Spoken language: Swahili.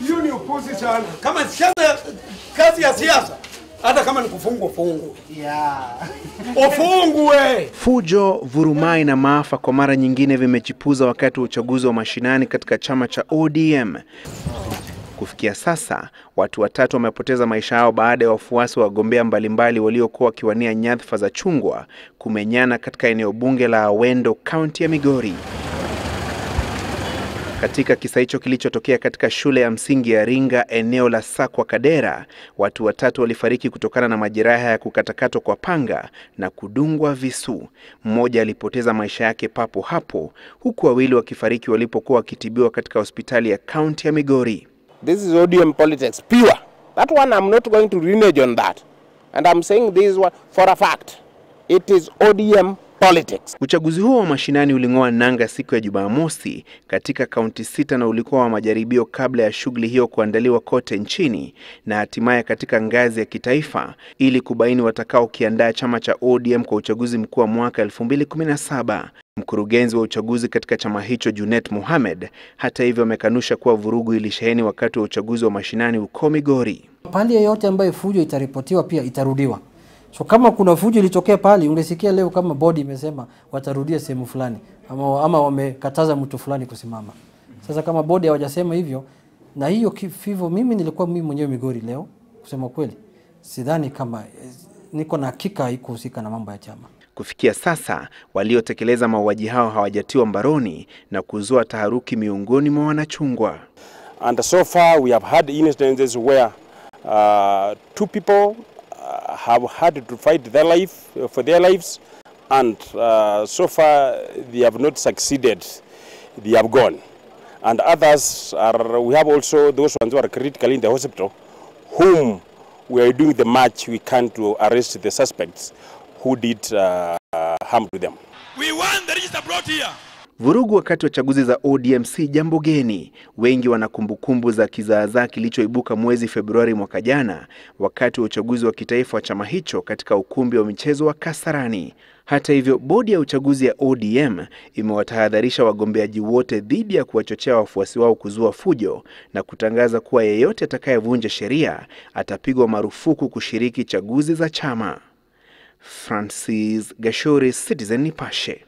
Hiyo ni opposition. Kama siasa, kazi ya siasa hata kama ni kufungwa fungu yeah. Ofungwe. Fujo, vurumai na maafa kwa mara nyingine vimechipuza wakati wa uchaguzi wa mashinani katika chama cha ODM. Kufikia sasa watu watatu wamepoteza maisha yao baada ya wafuasi wa wagombea mbalimbali waliokuwa wakiwania nyadhifa za chungwa kumenyana katika eneo bunge la Awendo, kaunti ya Migori. Katika kisa hicho kilichotokea katika shule ya msingi ya Ringa eneo la Sakwa Kadera, watu watatu walifariki kutokana na majeraha ya kukatakatwa kwa panga na kudungwa visu. Mmoja alipoteza maisha yake papo hapo, huku wawili wakifariki walipokuwa wakitibiwa katika hospitali ya kaunti ya Migori. This is ODM politics pure. That one I'm not going to renege on that. And I'm saying this one for a fact. It is ODM politics. Uchaguzi huo wa mashinani uling'oa nanga siku ya Jumamosi katika kaunti sita na ulikuwa wa majaribio kabla ya shughuli hiyo kuandaliwa kote nchini na hatimaye katika ngazi ya kitaifa ili kubaini watakaokiandaa chama cha ODM kwa uchaguzi mkuu wa mwaka 2017. Mkurugenzi wa uchaguzi katika chama hicho Junet Mohamed, hata hivyo, amekanusha kuwa vurugu ilisheheni wakati wa uchaguzi wa mashinani huko Migori. Pande yeyote ambayo fujo itaripotiwa pia itarudiwa. So kama kuna fujo ilitokea pale, ungesikia leo kama bodi imesema watarudia sehemu fulani ama, ama wamekataza mtu fulani kusimama. Sasa kama bodi hawajasema hivyo, na hiyo kifivo, mimi nilikuwa mimi mwenyewe Migori leo, kusema kweli, sidhani kama niko na hakika haikuhusika na mambo ya chama. Kufikia sasa waliotekeleza mauaji hao hawajatiwa mbaroni na kuzua taharuki miongoni mwa wanachungwa. And so far we have had incidences where uh, two people have had to fight their life, uh, for their lives, and uh, so far they have not succeeded. They have gone. And others are, we have also those ones who are critically in the hospital, whom we are doing the much we can to arrest the suspects who did uh, harm to them. We want the register brought here. Vurugu wakati wa chaguzi za ODM si jambo geni. Wengi wana kumbukumbu za kizaazaa kilichoibuka mwezi Februari mwaka jana wakati wa uchaguzi wa kitaifa wa chama hicho katika ukumbi wa michezo wa Kasarani. Hata hivyo, bodi ya uchaguzi ya ODM imewatahadharisha wagombeaji wote dhidi ya kuwachochea wafuasi wao kuzua fujo na kutangaza kuwa yeyote atakayevunja sheria atapigwa marufuku kushiriki chaguzi za chama. Francis Gashuri, Citizen Nipashe.